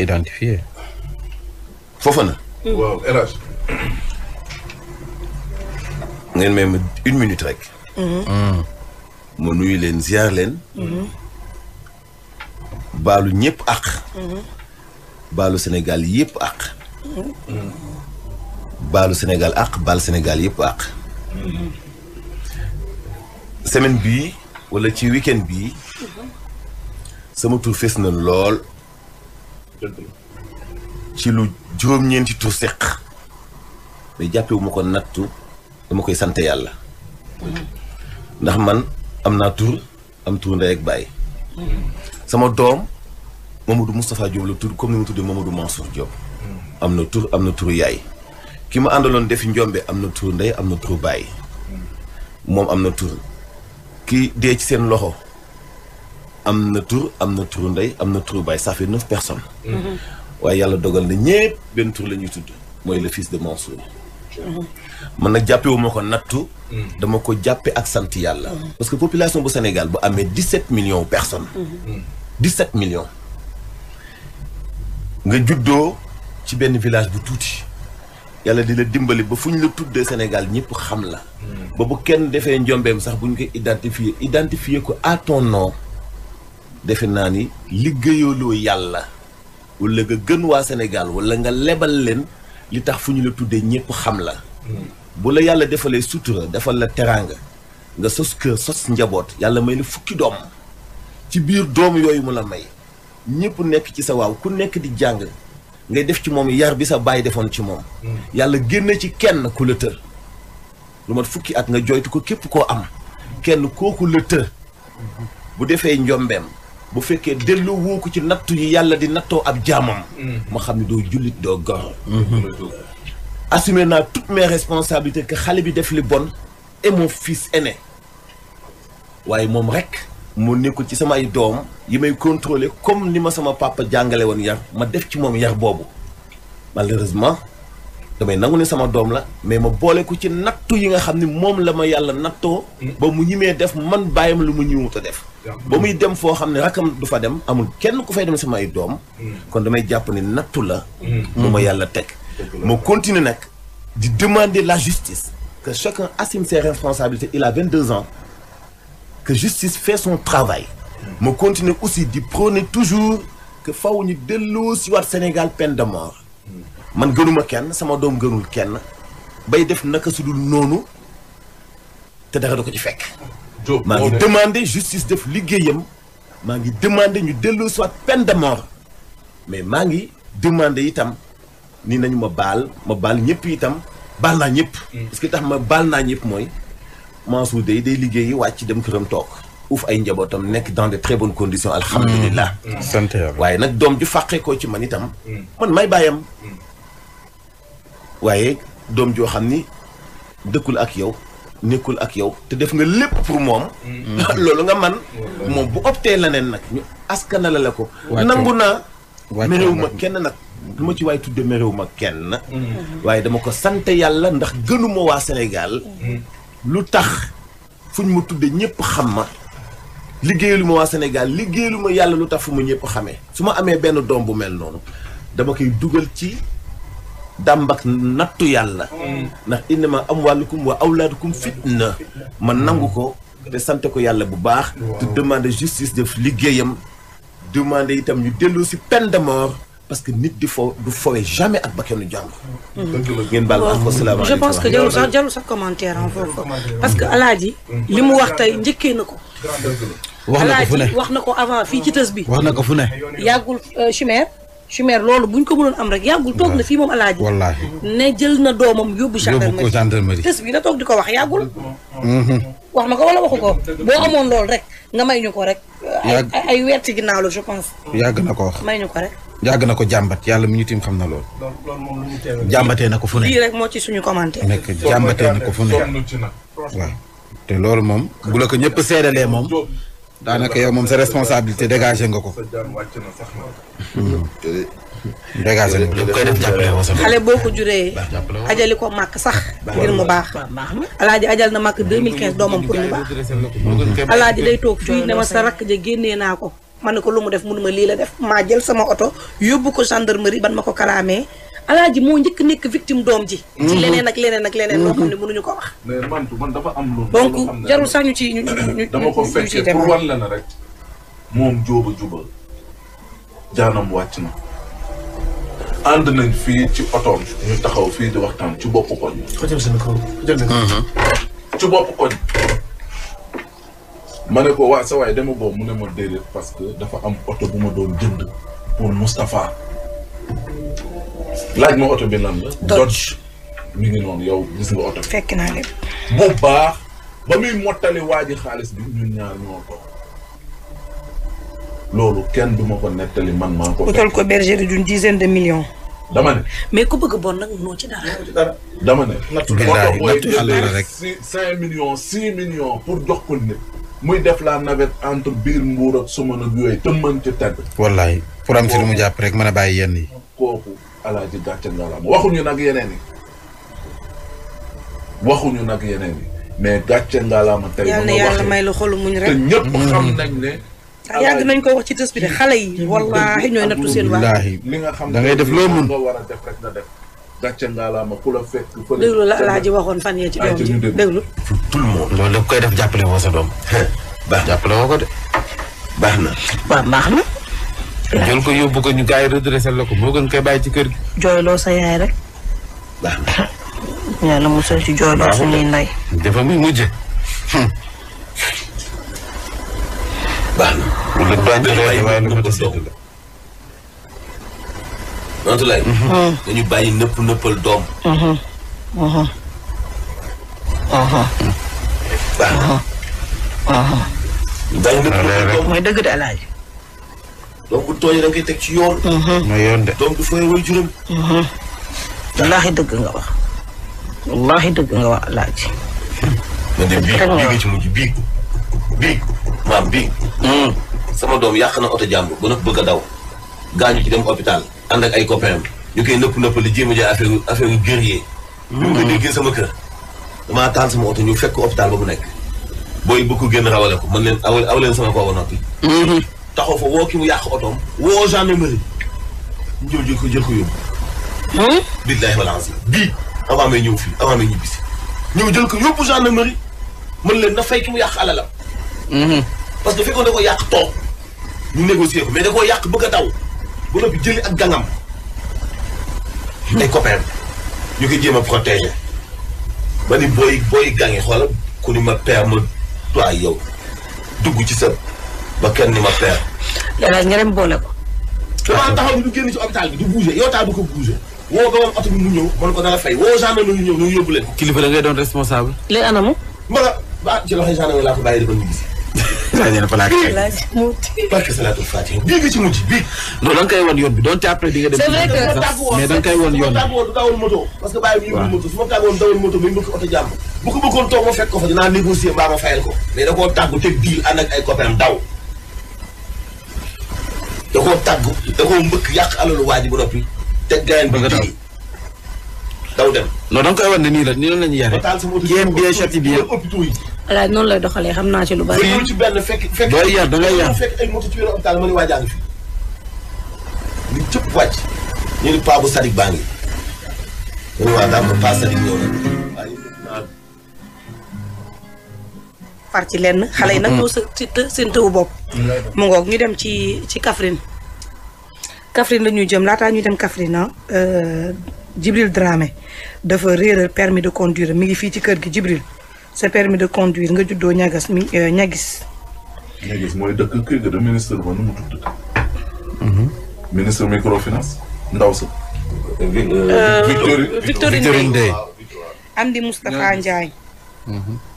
identifié. Fofana. Mm. waaw une minute rek. mon mm-hmm. mm. nuyu leen ziar leen. Mm-hmm. baalu ñëpp àq. Mm-hmm. baalu Sénégal yëpp àq. baalu Sénégal ak, bal Sénégal yëpp àq. semaine bii wala ci weekend bii. sama tour fees na lool. ci lu juróom-ñeenti tur seq mais jàppewu ma ko nattu dama koy sant yàlla ndax man am naa tur am tur ndey ak bàyyi sama doom moom Mamadou Moustapha Diop la tur comme ni mu tuddee Mamadou Mansour Diop am na tur am na tur yaay ma àndaloon defi njombe am na tur ndey am na tur bàyyi moom am na tur ki dee ci seen loxo amna tour amna tour ndey amna tour ça fait 9 personnes. Mhm. Mhm. waaye yalla dogal ni ñepp ben tour la tudd le fils de Mansour. Mhm. man wu dama ko jappé ak sante yalla parce que population bu Sénégal bu amé 17 millions personnes. 17 millions. nga ci ben village bu touti yalla di la dimbali ba la Sénégal ñepp xam la. ba bu kenn défé sax buñ identifier identifier ko à ton nom. defe naa ni liggéeyaloo yàlla wala nga gën waa Sénégal walla nga lebal leen li tax fu ñu la tuddee ñëpp xam la. bu la yàlla defalee sutura defal la teraanga nga sos kër sos njaboot yàlla may la fukki doom ci biir doom yooyu mu la may ñëpp nekk ci sa waaw ku nekk di jàng ngay def ci moom yar bi sa baay defoon ci moom. yàlla génne ci kenn ku la tër lu mat fukki at nga joytu ko képp koo am kenn kooku la tër bu defee njombeem bu fekke dellu woo ko ci nattu yi yalla di natto ab jaamam. Mm. ma xamni do julit do doo gor. Mm-hmm. Mm-hmm. assumé toutes mes responsabilités que xale bi def li bonne et mon fils aîné waye mom rek mo nekkul ci samay doom yi may contrôler comme nima sama papa jangale won yar ma def ci mom yar bobu malheureusement damay nangu ne sama dom la mais ma boole ko ci nattu yi nga xamni mom moom la ma yàlla nattoo. Mm. ba mu ñimee def man bayam lu mu ñëwut a def. Bon, muy dem foo xam ne rakam du fa dem amul kenn ku fay dem samay dom mm. kon damay japp ni natou la mu yalla tek mo ma continuer nag di demander la justice que chacun assume ses responsabilités il a 22 ans que justice fait son travail mo mm. continuer aussi di prôner toujours que faw ni delo si wat Sénégal peine de mort mm. man gënuma kenn sama dom gënul kenn bay def naka su dul noonu te dara do ko ci fekk maa ngi de justice def liggéeyam maa ngi demandé ñu soit peine de mort mais maa ngi demandé itam ni nañu ma ma bal ñëpp itam bal naa est mm. ce que tax ma na na ñëpp mooy Mansour day day watch wàcc dem këram ouf uuf ay n'est que dans de très bonnes conditions. Mm. alhamdulilah. Mm. sant yàlla waaye nag du ju fàqee coach ci man itam. man may bàyyam. waaye dom joo xam ni nekkul ak yow te def nga lépp pour moom. Mm-hmm. loolu nga man mm-hmm. moom bu optee leneen nag ñu askanale la ko. nangu naa. merewu ma kenn nag. lu ma ci waay tudde merewu ma kenn. Mm-hmm. waaye dama ko sant yàlla ndax gënuma waa senegaal lu tax fuñ ma tudde ñëpp xam ma. liggéeyalu ma waa Sénégal liggéeyalu ma yàlla lu tax fu ma ñëpp xamee. su ma amee benn doom bu mel noonu dama koy dugal ci. dàmbak nattu yàlla ndax innama amwalukum wa awladukum fitna man nangu ko te sante ko yalla bu baax te demander justice def liggeyam demander itam ñu dellu ci peine de mort parce que nit di fo du fowee jamais ak bakkanu jàng ngeen je pense que jarul sax jarul sax commentaire en hein, foofu parce que alaaji li mu wax tay njëkkee nako ko wax na ko wax na avant fi ci tës bi wax na ko euh, chimère chimère loolu buñ ko bu mënoon am rek yàggul toog na fii moom alaaji wallaahi ne jël na doomam yóbbu gendarmerie tës bi na toog di ko wax mhm. na ko wala waxu ko amoon loolu rek nga may ñu ko rek ay weer ginnaaw la je pense yàgg na ko wax may ñu ko rek na ko jàmbat yàlla mi ñu tim xam na loolu jàmbatee na ko fu ne lii moo ci suñu commentaire nekk jàmbatee na ko fu ne waaw te loolu moom bu la ko ñëpp seedalee moom daanaka yow moom sa responsabilité dégagé nga ko. Hmm. dégagé nga ko. xale boo ko juree. ajali ko màkk sax. ngir mu baax. alaaji ajal na makk màkk 2015 doomam pour mu baax. alaaji day toog fii ne ma sa rakk ja génnee naa ko. ma ne ko lu mu def mënuma lii la def maa jël sama oto yóbbu ko gendarmerie ban ma ko karaamee. alaaji moo njëkk nekk victime doom ji. ci mhm. leneen ak leneen ak leneen. loo xam ne mënuñu ko wax. mais man man dafa am lu. donc jarul sax ñu ci ñu ñu dama ko fekkee pour wan la na rek. moom jóoba juba jaanam wàcc na. ànd nañ fii ci otoom ñu taxaw fii di waxtaan ci bopp koñ. Mhm. ci bopp koñ. ma ne ko waa sa waay dama boobu mu ne ma déedéet parce que dafa am oto bu ma doon jënd pour Moustapha. laaj ma oto bi lan la. Dodge mi ngi noonu yow gis nga oto bi. fekk naa lépp. bu baax ba muy mottali waa xaalis bi ñun ñaar ñoo ko. loolu kenn duma ko nettali man maa ko. utal ko bergerie d'une dizaine de millions. dama ne. mais ku bëgg bon nag munoo ci dara. dama ne. nattu yàlla la rek cinq millions six millions pour jox ko nit. muy def la navette entre biir mbuur ak suma nag yooyu ci teg. wallaay pour am mu jàpp rek mën a bàyyi yenn kooku. alaaji gàcce ngalaama waxuñu nag yeneen waxu ñu nak yeneen ni mais gàcce ngalaama tay yàlla waxe yalla may lo xolu muñ rek te ñëpp mm. xam nañ ne yag nañ ko wax ci tës bi de xale yi wallahi ñoy natu seen waa li nga xam da ngay def lo mun nga wara a def rek na def gàcce ngalaama ku la ku fele déglu la alaaji waxon fan ye ci doom ji tout le monde lo da koy def jàppale wo sa doom ba jàppale wo ko de baxna ba baxna jël ko yóbbu ko ñu gars yi redressé la ko moo gën koy bàyyi ci kër gi. jooyloo sa yaay rek. baax na. Ah, yàlla musal ci jooyloo suñuy ndey. dafa muy mujje. Hmm. baax na. mu la doon jëlee waaye lu ko desee la. noonu lay. dañu bàyyi nëpp nëppal doom. Hmm. Hmm. baax na. bàyyi nëpp nëppal doom mooy dëgg de alaaji. donc bu tooñee da nga koy teg ci yoon. mooy mhm. yoon de. donc du fooy way juróom. Mhm. wallaahi dëgg nga wax. wallaahi dëgg nga wax laaj. man de bii bii ci mujj bii bii maam bii. Mhm. sama doom yàq na oto jàmbur ba nga bëgg a daw. gaañu ci dem hôpital ànd ak ay copains ñu koy nëpp nëppali jéem a jaay affaire affaire yu guerrier. ñu ngi ko déggee sama kër. damaa taal sama oto ñu fekk hôpital ba mu nekk. booy bëgg ko génn rawale ko man leen aw aw leen sama kooku noppi. taxaw fa woo ki mu yàq otoom woo gendarmerie ñu jël ko jël ko yóbbu. Hmm? billaahi wal azim bii avant may ñëw fii avant may ñibbisi ñëw jël ko yóbbu gendarmerie mën leen na fay ki mu yàq alalam. Hmm. parce que fekkoon da ko yàq toog ñu négocier ko mais da koo yàq bëgg a daw ba noppi jëli ak gangam. ay copains ñu ko jéem a protéger ba ni booy booy gange xoolal ku ni ma père ma yow dugg ci sa ba kenn ni ma père. léeg dem boole ko. ko bougé woo ba kilifa da ngay doon responsable. léegi anamu. mbala ah ci loxo gendarme laa ko bàyyi di ko ñu gis. daa su ma dawal moto. moto su bëgg oto jàmm. bu bëggoon toog ma fekk ko fa dinaa négocier mbaa ma fayal ko. mais da koo teg diil ànd ak ay copain daw koo tàgg da koo mbëkk yàq alalu waa ji te gayen bi daw daw dem non da koy wan ne la nii lañu yare jéem bien chati bien hôpitaux yi lay doxalee xam ci lu bari ci benn fekk fekk doo yar da ngay yar fekk ay moto ci wéru hôpital ma ne fi li cëpp wàcc ni paa bu sadik baa ngi ñu ko sadik ñu dem ci ci Kaffrine la ñuy jëm laata ñuy dem Kaffrine ah, euh, Djibril Dramé dafa réeral permis de conduire mi ngi fii ci kër gi Djibril sa permis de conduire nga juddoo ñagas mi ñagis. Euh, ñagis mooy dëkk kër ga de ministre ba nu mu tudd. Mhm. ministre microfinance ndaw sa. Euh, Victorine Victorine Ndeye Amdi Moustapha Ndiaye. Mhm.